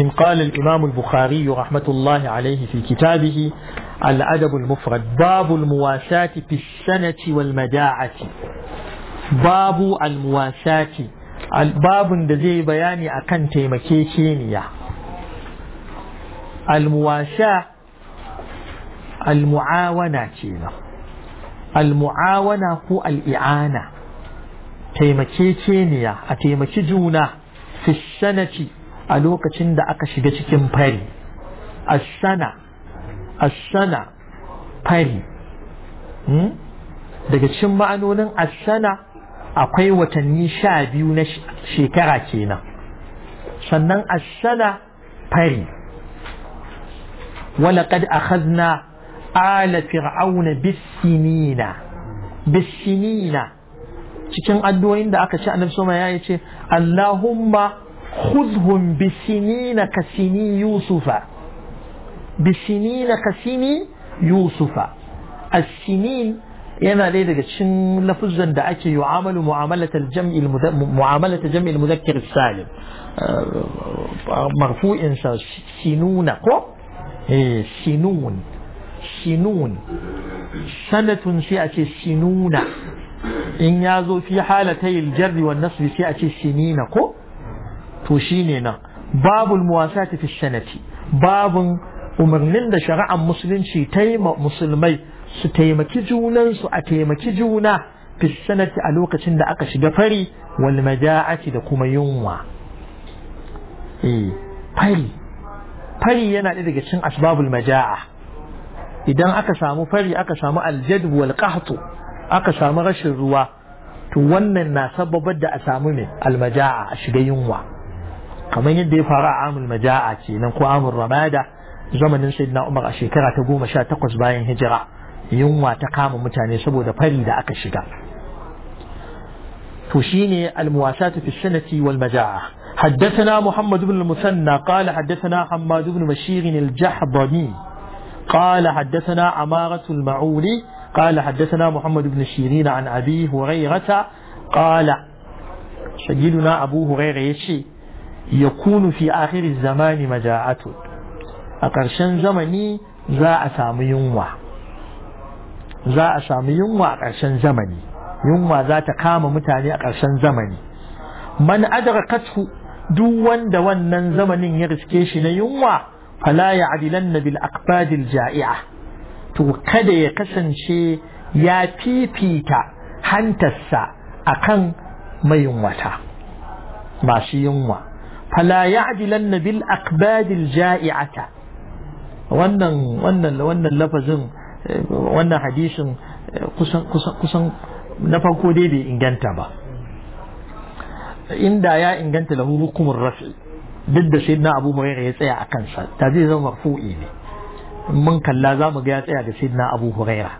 إن قال الإمام البخاري رحمة الله عليه في كتابه الأدب المفرد باب المواساة في السنة والمجاعة باب المواساة باب دزي بياني أكن تيمكيشينيا المواساة المعاونة كينا المعاونة هو الإعانة تيمكيشينيا أتيمكي جونا في السنة a lokacin da aka shiga cikin fari asana asana fari hmm? daga cikin ma'anonin asana akwai watanni sha biyu na shekara kenan sannan asana fari ولقد أخذنا ala fir'auna بالسنين bisinina cikin addu'o'in da aka ci annabi soma ya ce Allahumma خذهم بسنين كسني يوسف بسنين كسني يوسف السنين ينا ليدك شن لفظا دعك يعامل معاملة الجمع معاملة جمع المذكر السالم آه، مرفوع إنسا سنون قو إيه، سنون سنون سنة سيأتي سنون إن يعزو في حالتي الجر والنصب سيأتي سنين قو to shine nan babul muwasati fi sanati babun umarnin da shari'ar musulunci ta yi musulmai su taimaki junansu a taimaki juna fi sanati a lokacin da aka shiga fari wal maja'ati da kuma yunwa eh fari fari yana ɗaya daga cikin asbabul maja'a idan aka samu fari aka samu aljadb wal qahtu aka samu rashin ruwa to wannan na sababar da a samu ne almaja'a a shiga yunwa kamar yadda ya faru a amul maja'a kenan ko amul ramada zamanin sayyidina umar a shekara ta goma sha takwas bayan hijira yunwa ta kama mutane saboda fari da aka shiga to shine al muwasatu fi sanati wal maja'a حدثنا محمد بن المثنى قال حدثنا حماد بن بشير الجحضمي قال حدثنا عمارة المعولي قال حدثنا محمد بن شيرين عن أبي هريرة قال سيدنا أبو هريرة يشي kunu fi akhir zamani maja'atu a ƙarshen zamani za a samu yunwa za a samu yunwa a ƙarshen zamani yunwa za ta kama mutane a ƙarshen zamani man adrakathu duk wanda wannan zamanin ya riske shi na yunwa fala ya'dilanna bil aqbadil ja'i'a to kada ya kasance ya fifita hantarsa akan ba masu yunwa فلا ya'dilanna bil aqbadil ja'i'ata wannan wannan wannan lafazin wannan hadisin kusan kusan kusan na farko dai bai inganta ba inda ya inganta lahu hukumar rafi duk da sayyidina abu hurairah ya tsaya a kansa ta zai zama marfu'i ne mun kalla zamu ga ya tsaya da sayyidina abu hurairah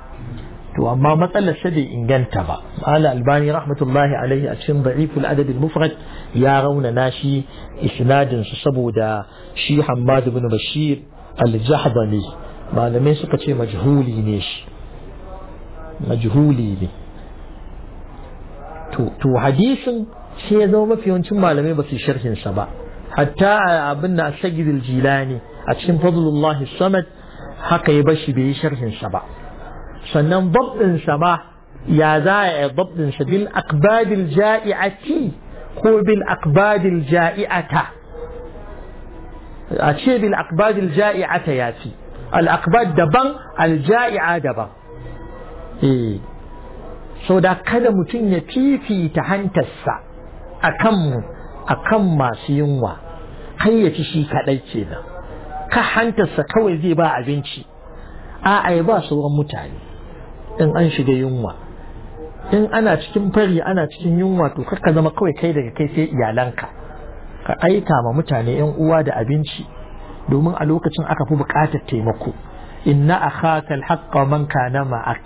to amma matsalar sa bai inganta ba ala albani rahmatullahi alaihi a cikin da'iful adad mufrad ya rauna nashi isnadin su saboda shi hammad ibn bashir al-jahdami malamai suka ce majhuli ne shi majhuli ne to to hadisin sai ya zama mafi yawancin malamai ba su sharhin sa ba hatta abin na sagidil jilani a cikin fadlullahi samad haka ya bashi bai yi sharhin sa ba sannan babɗinsa ma ya za a yi babɗinsa bil akbadil ja'i'ati ko bil akbadil ja'i'ata a ce bil akbadil ja'i'ata ya fi al'akbad daban alja'i'a daban eh so da kada mutum ya fifita hantarsa a mu a kan masu yunwa kai ya ci shi kaɗai da ka hantarsa kawai zai ba abinci a'a ya ba sauran mutane in an shiga yunwa in ana cikin fari ana cikin yunwa to kakka zama kawai kai daga kai sai iyalanka ka aika ma mutane yan uwa da abinci domin a lokacin aka fi bukatar taimako inna akhaka alhaqqa man kana ma'ak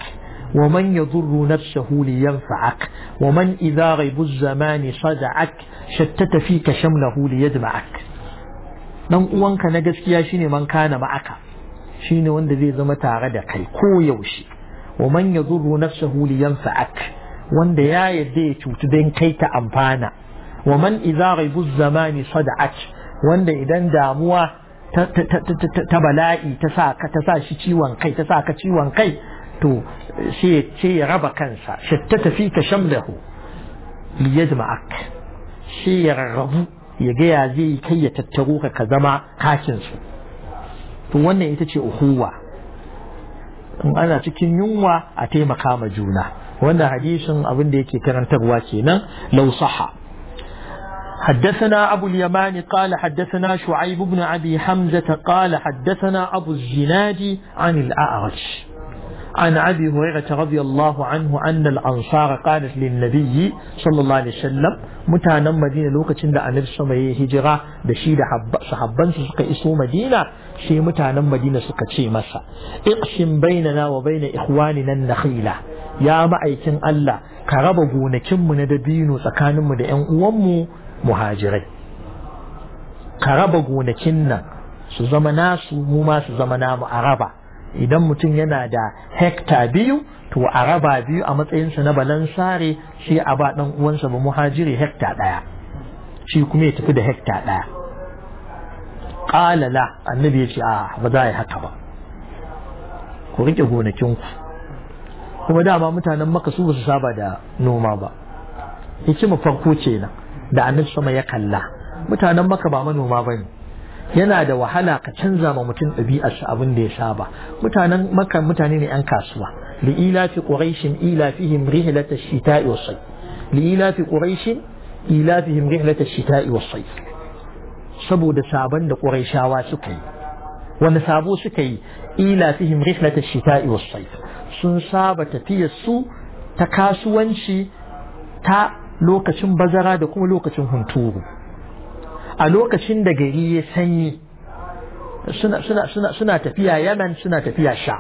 wa man yadurru nafsahu li yanfa'ak wa man idha ghaibu zamani sada'ak shattata fika shamlahu li yadma'ak dan uwanka na gaskiya shine man kana ma'aka shine wanda zai zama tare da kai ko yaushe wa man yadurru nafsahu li wanda ya yadda ya cutu don kai ta amfana wa man idza ghaibu zamani sad'at wanda idan damuwa ta bala'i ta sa ka ta sa shi ciwon kai ta sa ka ciwon kai to sai ya raba kansa shattata tafi ka shamlahu li yajma'ak shi ya rarrabu ya ga ya zai kai ya tattaro ka ka zama kakin su to wannan ita ce uhuwa in ana cikin yunwa a taimaka ma juna wannan hadisin abin da yake karantarwa kenan law sahha حدثنا أبو اليمان قال حدثنا شعيب بن أبي حمزة قال حدثنا أبو الزناد عن الأعرج عن أبي هريرة رضي الله عنه أن الأنصار قالت للنبي صلى الله عليه وسلم متانا مدينة لوكا تند أن السماء هجرة بشيد صحبان سكا إسو مدينة شي متانا مدينة سكا شي مسا اقسم بيننا وبين إخواننا النخيلة يا مأيكن الله كرب غونكم من دبينو سكان من أن أمو مهاجرين كرب غونكن su zama nasu mu ma su zama namu a raba idan mutum yana da hekta biyu to a raba biyu a matsayinsa na balansare shi a ba ɗan uwansa ba muhajiri hekta ɗaya shi kuma ya tafi da hekta ɗaya ƙalala annabi ya ce a ba za a yi haka ba ku riƙe gonakinku kuma dama mutanen maka su basu saba da noma ba hikima farko kenan da annabi sama ya kalla mutanen maka ba manoma ba ne yana da wahala ka canza ma mutum ɗabi'arsa abin da ya saba mutanen makka mutane ne yan kasuwa li ilafi quraishin ilafihim rihlata shita'i was li ilafi quraishin ilafihim rihlata shita'i was saboda sabon da quraishawa suka yi wani sabo suka yi ilafihim rihlata shita'i was sun saba tafiyar su ta kasuwanci ta lokacin bazara da kuma lokacin hunturu a lokacin da gari ya sanyi suna tafiya yaman suna tafiya sha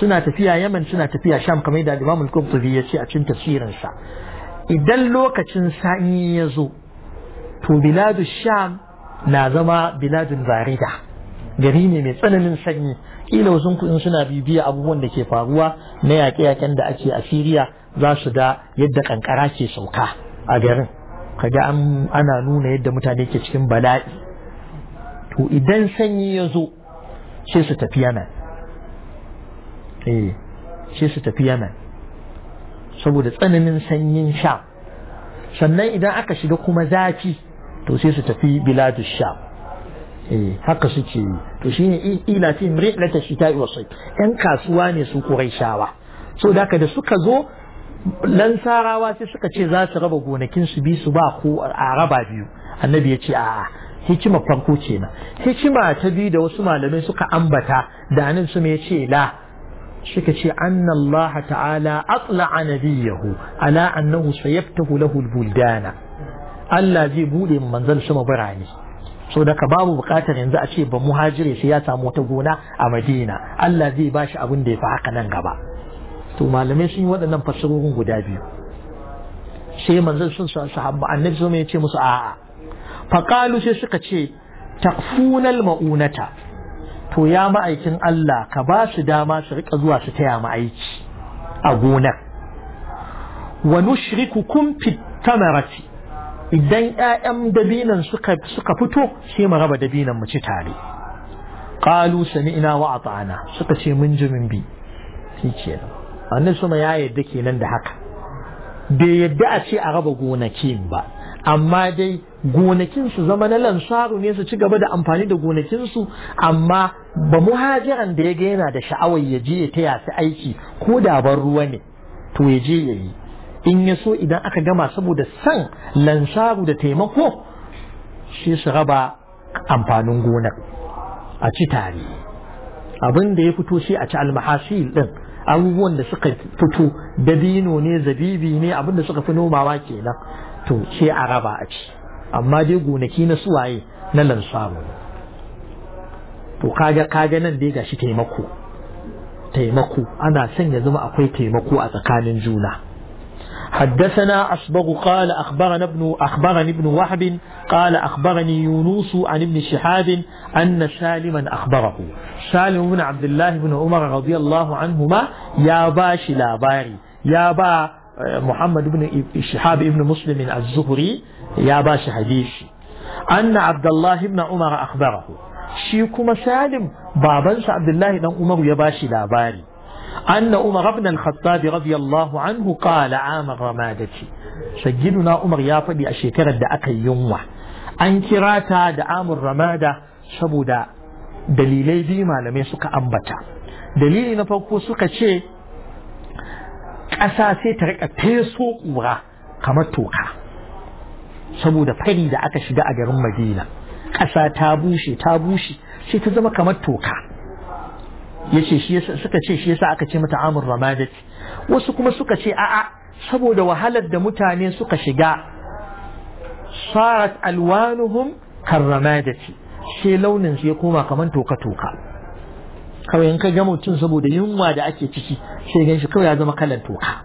suna tafiya yaman suna tafiya sham kamar da imam al-qurtubi ya ce a cikin tafsirin sa idan lokacin sanyi ya zo to biladu sham na zama biladun barida gari ne mai tsananin sanyi kila wasu kuɗin suna bibiya abubuwan da ke faruwa na yaƙe-yaƙen da ake a Siriya za su da yadda kankara ke sauka a garin kaga an ana nuna yadda mutane ke cikin bala'i to idan sanyi ya zo sai su tafi yana eh sai su tafi yana saboda tsananin sanyin sha sannan idan aka shiga kuma zafi to sai su tafi biladu sha eh haka suke yi to shine ila fi shita'i wa sayt yan kasuwa ne su shawa so da da suka zo lansarawa sai suka ce za su raba gonakin su bi su ba ko a raba biyu annabi ya ce a hikima farko kenan hikima ta biyu da wasu malamai suka ambata da anan su ya ce la suka ce Allah ta'ala atla'a nabiyahu ala annahu sayaftahu lahu albuldana Allah zai bude manzal sama birane so daga babu bukatar yanzu a ce ba muhajire sai ya samu wata gona a Madina Allah zai bashi abin da ya fi haka nan gaba to malamai sun yi waɗannan fassarorin guda biyu sai manzon sun sahabba annabi sun ya ce musu a'a faqalu sai suka ce takfunal maunata to ya ma'aikin Allah ka ba su dama su rika zuwa su taya ma aiki a gonar wa nushrikukum fit tamarati idan ƴaƴan dabinan suka suka fito sai mu raba dabinan mu ci tare qalu sami'na wa ata'na suka ce mun ji mun bi shi wannan suma ya yadda kenan da haka bai yadda a ce a raba gonakin ba amma dai gonakin su zama na lansaru ne su ci gaba da amfani da gonakin su amma ba muhajiran da ya ga yana da sha'awar ya je ya taya su aiki ko da ban ruwa ne to ya je ya yi in ya so idan aka gama saboda san lansaru da taimako shi su raba amfanin gonar a ci tare abin da ya fito shi a ci almahasi din abubuwan da suka fito dabino ne zabibi ne abinda suka fi nomawa kenan to ce a raba a ci amma dai gonaki na suwaye na lansamu to kaga kaga nan dai gashi taimako taimako ana son ya zama akwai taimako a tsakanin juna حدثنا أصبغ قال أخبرنا ابن أخبرني ابن وهب قال أخبرني يونس عن ابن شهاب أن سالما أخبره سالم بن عبد الله بن عمر رضي الله عنهما يا باش لا باري يا با محمد بن شهاب بن مسلم الزهري يا باش حديثي أن عبد الله بن عمر أخبره شي كما سالم بابنس عبد الله بن عمر يا باشي لا باري أن عمر بن الخطاب رضي الله عنه قال عام الرمادة سجلنا عمر يا shekarar da aka yi yunwa. أن كراتا دا عام الرمادة سبودا dalilai biyu malamai suka ambata dalili na farko suka ce ƙasa sai ta rika feso ƙura ka toka saboda fari da aka shiga a garin madina ƙasa ta bushe ta bushe sai ta zama kamar toka ya shi suka ce shi yasa aka ce mata amur ramadat wasu kuma suka ce a'a saboda wahalar da mutane suka shiga sarat alwanuhum karramadati sai launin su ya koma kamar toka toka kawai in ka ga mutum saboda yunwa da ake ciki sai gan shi kawai ya zama kalan toka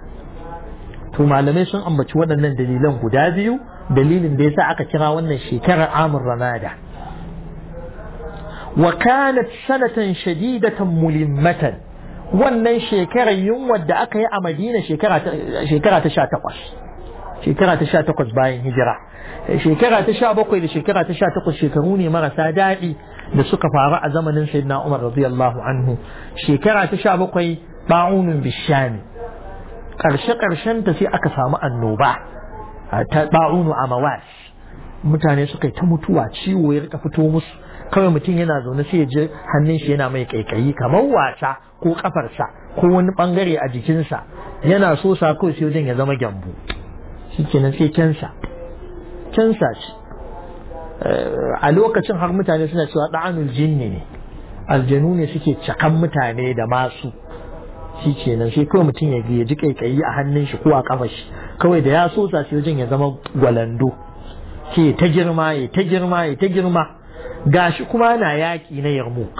to malamai sun ambaci waɗannan dalilan guda biyu dalilin da yasa aka kira wannan shekarar amur ramada وكانت سنة شديدة ملمة wannan shekarar yunwar da aka yi a madina shekara ta sha takwas shekara ta sha takwas bayan hijira shekara ta sha bakwai da shekara ta sha takwas shekaru ne marasa daɗi da suka faru a zamanin sayyidina umar radiyallahu anhu shekara ta sha bakwai ba'unun bishani ƙarshe ƙarshen ta sai aka samu annoba ta ba'unu a mawas mutane suka yi ta mutuwa ciwo ya rika fito musu kawai mutum yana zaune sai ya ji hannun shi yana mai kaikayi kamar wasa ko kafarsa ko wani bangare a jikinsa yana so sa ko sai wajen ya zama gyambu shikenan sai kensa kensa shi eh, a lokacin har mutane suna cewa da'anul jinni ne aljanu ne suke cakan mutane da masu shi kenan sai kawai mutum ya ji kaikayi a hannun shi ko a kafar shi kawai da ya so sa sai wajen ya zama gwalando ke ta girma ya ta girma ya ta girma gashi kuma na yaƙi na yarmuk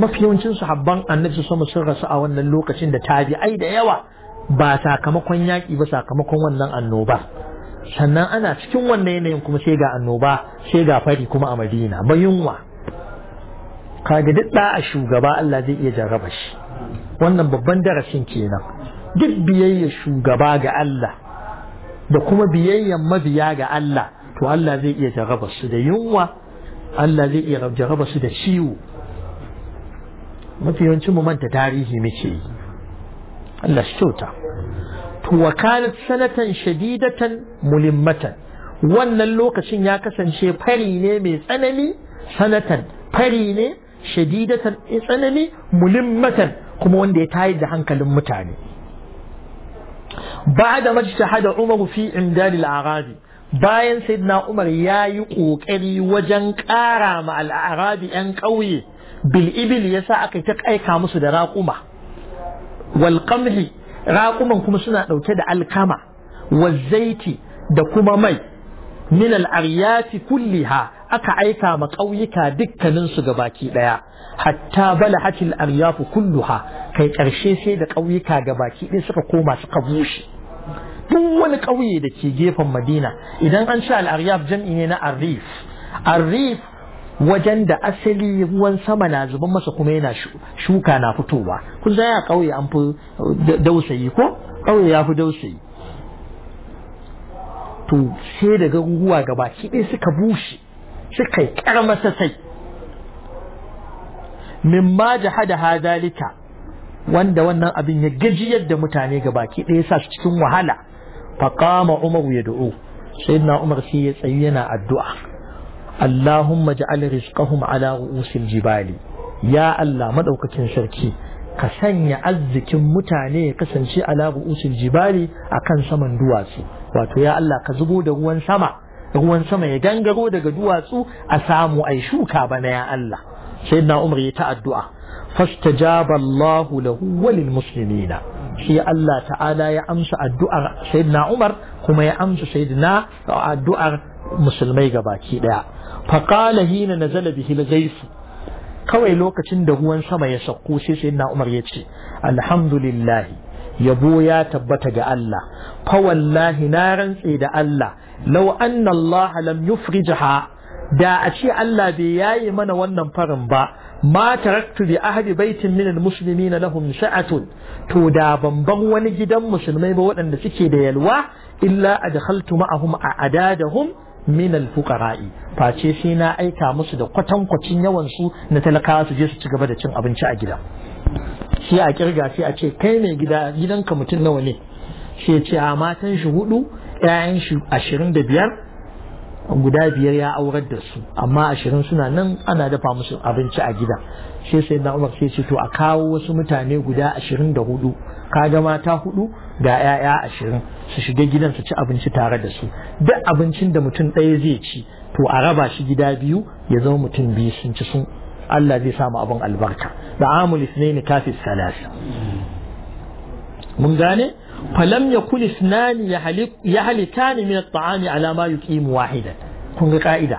mafi yawancin sahabban annabi sama sun rasu a wannan lokacin da tabi'ai da yawa ba sakamakon yaƙi ba sakamakon wannan annoba sannan ana cikin wannan yanayin kuma sai ga annoba sai ga fari kuma a madina ba yunwa kaga duk da a shugaba Allah zai iya jarraba shi wannan babban darasin kenan duk biyayya shugaba ga Allah da kuma biyayyan mabiya ga Allah to Allah zai iya jaraba su da yunwa Allah zai iya jaraba su da ciwo mafi yawancin mu manta tarihi muke yi Allah shi kyauta to wakalat sanatan shadidatan mulimmatan wannan lokacin ya kasance fari ne mai tsanani sanatan fari ne shadidatan tsanani mulimmatan kuma wanda ya tayar da hankalin mutane Ba بعد ما umaru fi in امداد الاعراب bayan sayyidina Umar ya yi ƙoƙari wajen ƙara ma al'arabi 'yan ƙauye bil ibil ya sa aka ta aika musu da raƙuma Walƙamli raƙuman kuma suna ɗauke da alkama wazzaiti zaiti da kuma mai min al kulliha aka aika ma ƙauyuka dukkanin su baki ɗaya hatta balahatil aryafu kulluha kai ƙarshe sai da ƙauyuka ga baki ɗaya suka koma suka bushe duk wani ƙauye da ke gefen madina idan an sha al'aryaf jam'i ne na Arif. Arif wajen da asali ruwan sama na zuban masa kuma yana shuka na fitowa kun zaya ƙauye an fi dausayi ko ƙauye ya fi dausayi to sai da garuruwa gabaki ɗaya suka bushe suka yi ƙarma sassai hada jahada hadalika wanda wannan abin ya gajiyar da mutane baki ɗaya sa su cikin wahala Umar umaru yad'u sayyidina umar shi ya tsayi yana addu'a allahumma ja'al rizqahum ala ru'usil jibali ya allah madaukakin sarki ka sanya arzikin mutane ya kasance ala ru'usil jibali akan saman duwatsu wato ya allah ka zubo da ruwan sama ruwan sama ya gangaro daga duwatsu a samu ai shuka bana ya allah sayyidina umar ya ta addu'a fastajaba Allahu lahu walil muslimina shi Allah ta'ala ya amsa addu'ar sayyidina Umar kuma ya amsa sayyidina addu'ar musulmai gabaki daya faqala hina nazala bihi al-ghayth kawai lokacin da ruwan sama ya sakko sai sayyidina Umar ya ce alhamdulillah yabo ya tabbata ga Allah fa wallahi na rantse da Allah law anna Allah lam yufrijha da a ce Allah bai yaye mana wannan farin ba ma taraktu bi ahli baitin na muslimina lahum sa'atun to da bamban wani gidan musulmai ba waɗanda suke da yalwa illa a adkhaltu ma'ahum a ada da adadahum min alfuqara'i face sai na aika musu da kwatankwacin yawan su na talakawa su je su ci gaba da cin abinci a gida sai a kirga sai a ce kai ne gida gidanka mutum nawa ne sai ce a matan shi hudu 'ya'yan shi ashirin da biyar guda biyar ya aurar da su amma ashirin suna nan ana dafa musu abinci a gida sai sai na umar sai ce to a kawo wasu mutane guda ashirin da hudu kaga mata hudu ga yaya ashirin su shiga gidan su ci abinci tare da su duk abincin da mutum ɗaya zai ci to a raba shi gida biyu ya zama mutum biyu sun ci sun Allah zai samu abin albarka da ne ni kafis salasa mun gane falam ya halitta ni min taami ala ma yuqimu wahidan kun ga ka'ida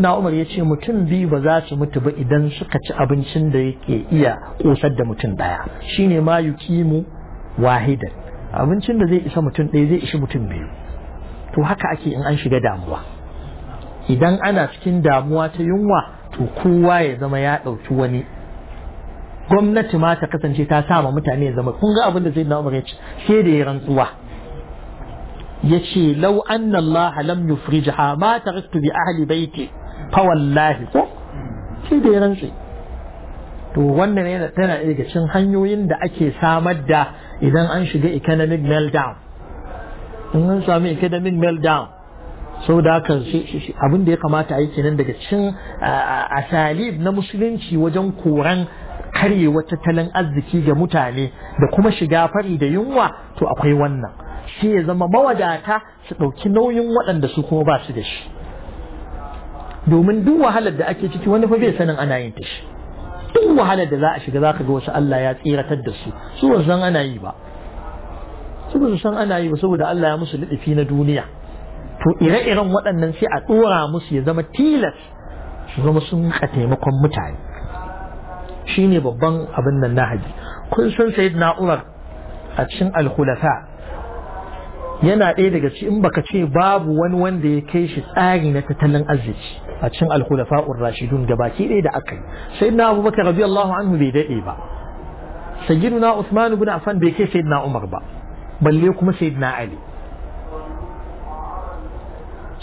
na umar ya ce mutum biyu ba za su mutu ba idan suka ci abincin da yake iya kosar da mutum daya shine ma yuqimu wahidan abincin da zai isa mutum ɗaya zai ishi mutum biyu to haka ake in an shiga damuwa idan ana cikin damuwa ta yunwa to kowa ya zama ya ɗauki wani gwamnati ma ta kasance ta sama mutane zama kun ga abin da zai na umarci sai da ya rantsuwa ya ce lau an Allah lam yufrijha ma taraktu bi ahli baiti fa wallahi ko sai da ya rantsi to wannan yana tana daga cin hanyoyin da ake samar da idan an shiga economic meltdown in an sami economic meltdown sau da haka abin da ya kamata a yi kenan daga cin asalib na musulunci wajen koran wata tattalin arziki ga mutane da kuma shiga fari da yunwa to akwai wannan shi ya zama mawadata su ɗauki nauyin waɗanda su kuma ba su da shi domin duk wahalar da ake ciki wani fa bai sanin ana yin ta shi duk wahalar da za a shiga za ga wasu Allah ya tsiratar da su su ba san ana yi ba su ba san ana yi ba saboda Allah ya musu liɗifi na duniya to ire-iren waɗannan sai a ɗora musu ya zama tilas su zama sun taimakon mutane shine babban abin nan nahaji kun san sayyidina Umar a cikin al yana ɗaya daga ci in baka ce babu wani wanda ya kai shi tsari na tattalin arziki a cikin al-khulafa rashidun da baki ɗaya da aka yi sayyidina Abubakar radiyallahu anhu bai daɗe ba sayyidina na ibn Affan bai kai sayyidina Umar ba balle kuma sayyidina Ali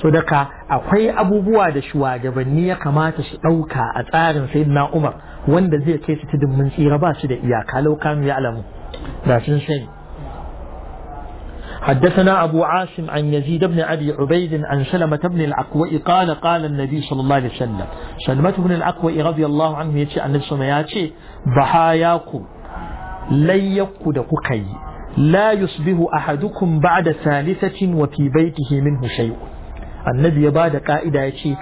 so daga akwai abubuwa da shugabanni ya kamata shi ɗauka a tsarin sayyidina umar wanda zai kai su tudun mun tsira ba su da iyaka laukan ya alamu da sun sani حدثنا أبو عاصم عن يزيد بن أبي عبيد عن سلمة بن الأقوى قال قال النبي صلى الله عليه وسلم سلمة بن الأقوى رضي الله عنه يتي أن السماء يتي ضحاياكم لن يقود كي لا يصبح أحدكم بعد ثالثة وفي بيته منه شيء annabi ya ba da ka'ida ya ce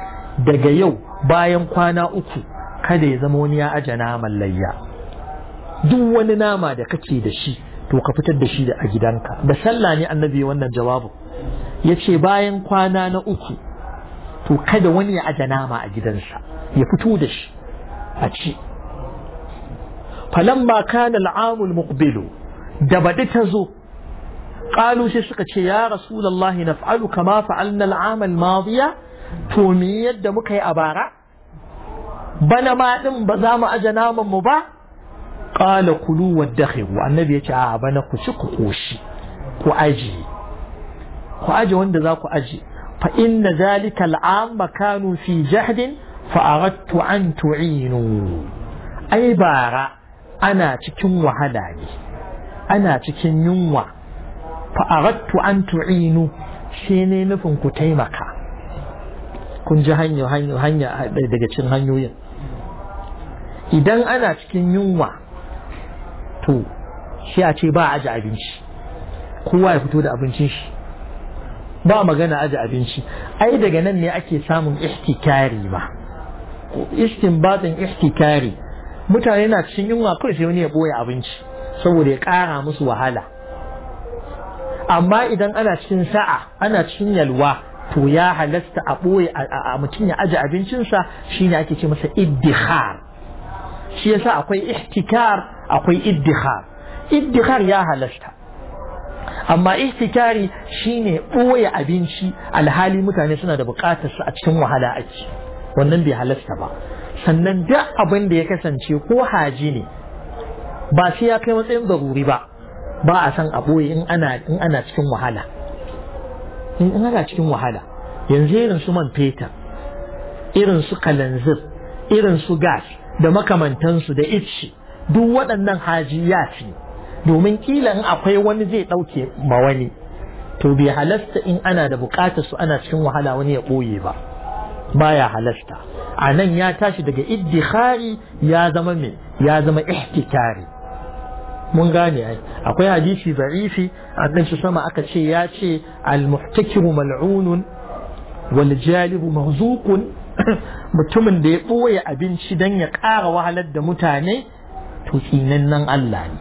daga yau bayan kwana uku kada ya zama wani ya aje naman layya duk wani nama da kake da shi to ka fitar da shi a gidanka da sallah ne annabi wannan jawabin ya ce bayan kwana na uku to kada wani ya aje nama a gidansa ya fito da shi a ci falamma kana al'amul muqbilu da baɗi ta zo قالوا سيسكت يا رسول الله نفعل كما فعلنا العام الماضي تومي يد مكي أبارا بنا ما دم بزام أجنام مبا قال كلوا وادخروا النبي يتعى آه، بنا كسك قوشي كأجي كأجي وند ذاك أجي فإن ذلك العام كانوا في جهد فأردت أن تعينوا أي بارا أنا تكون وهلاني أنا تكون ينوى fa ratu an tu'inu shi ne nufin ku taimaka kun ji hanyo hanya hanya daga cin hanyoyin idan ana cikin yunwa to shi a ce ba a aji abinci kowa ya fito da abincin shi ba magana aji abinci ai daga nan ne ake samun ihtikari ba istinbatin ihtikari mutane na cikin yunwa kawai sai wani ya boye abinci saboda ya kara musu wahala amma idan ana cikin sa'a ana cikin yalwa to ya halasta a ɓoye a mutum ya aje abincinsa shine ake ce masa iddihar shi yasa akwai ihtikar akwai iddihar iddihar ya halasta amma ihtikari shine ɓoye abinci alhali mutane suna da buƙatar su a cikin wahala ake wannan bai halasta ba sannan duk abin da ya kasance ko haji ne ba sai ya kai matsayin zaruri ba ba a san a ɓoye in ana cikin wahala in ana cikin wahala yanzu irin su man fetur irin su kalanzir irin su gas da makamantansu da icci duk waɗannan haji ya ce domin kila in akwai wani zai ɗauke ma wani to bai halasta in ana da buƙatar su ana cikin wahala wani ya ɓoye ba baya halasta a nan ya tashi daga iddihari ya zama mai ya zama ihtikari mun gane ai akwai hadisi da'ifi annan shi sama aka ce ya ce al muhtakimu mal'unun wal jalibu mahzuqun mutumin da ya boye abinci dan ya kara wahalar da mutane to nan Allah ne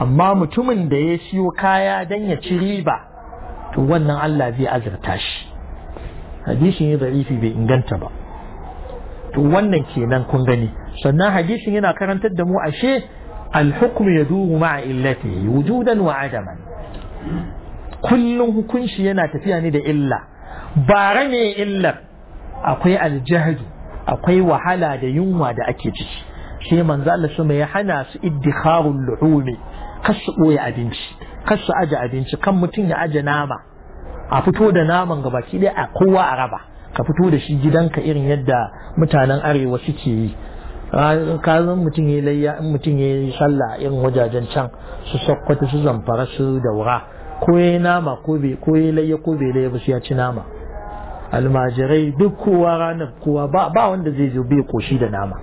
amma mutumin da ya siyo kaya dan ya ci riba to wannan Allah zai azurta shi hadisi ne da'ifi bai inganta ba to wannan kenan kun gani sannan hadisin yana karantar da mu ashe الحكم يدور مع إلته وجودا وعدما كله كن شيء أنا تفيها إلا بارني إلا أقوي الجهد أقوي وحلا دا ينوى دا أكيد شيء من ذال سمي يحنى ادخار اللحوم قص قوي أبنش قص أجا أبنش كم متين أجا ناما أفتو دا ناما غباكي دا أقوى أربا ka fito da shi gidanka irin yadda mutanen arewa suke yi ka zan mutum ya layya in mutum ya yi sallah irin wajajen can su sokwata su zamfara su daura ko ya nama ko bai ko ya layya ko bai layya ba su ya ci nama almajirai duk kowa ranar kowa ba wanda zai zo bai koshi da nama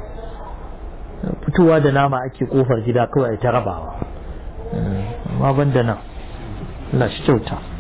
fitowa da nama ake kofar gida kawai ta rabawa eh, amma ban da nan Allah shi kyauta